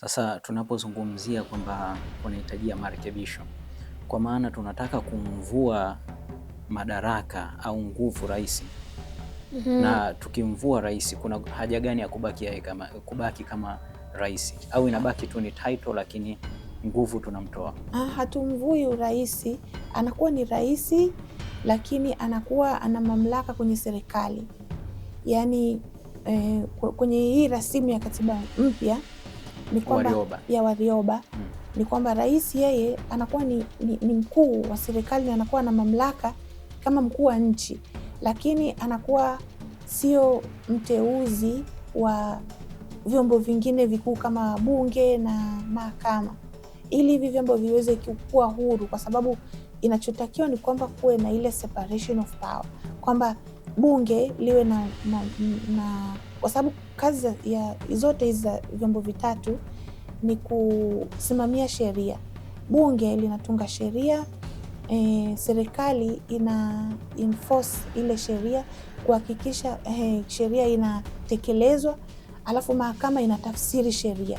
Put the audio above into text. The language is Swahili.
Sasa tunapozungumzia kwamba kunahitajia marekebisho, kwa maana tunataka kumvua madaraka au nguvu rais mm -hmm. na tukimvua rais, kuna haja gani ya kubaki yeye kama, kubaki kama rais au inabaki tu ni title lakini nguvu tunamtoa? Ah, hatumvui urais, anakuwa ni rais lakini anakuwa ana mamlaka kwenye serikali, yaani eh, kwenye hii rasimu ya katiba mpya ni kwamba ya Warioba mm. ni kwamba rais yeye anakuwa ni, ni, ni mkuu wa serikali na anakuwa na mamlaka kama mkuu wa nchi, lakini anakuwa sio mteuzi wa vyombo vingine vikuu kama bunge na mahakama, ili hivi vyombo viweze kuwa huru, kwa sababu inachotakiwa ni kwamba kuwe na ile separation of power kwamba bunge liwe na, na, na kwa sababu kazi ya zote hizi za vyombo vitatu ni kusimamia sheria. Bunge linatunga sheria e, serikali ina enforce ile sheria kuhakikisha e, sheria inatekelezwa, alafu mahakama inatafsiri sheria.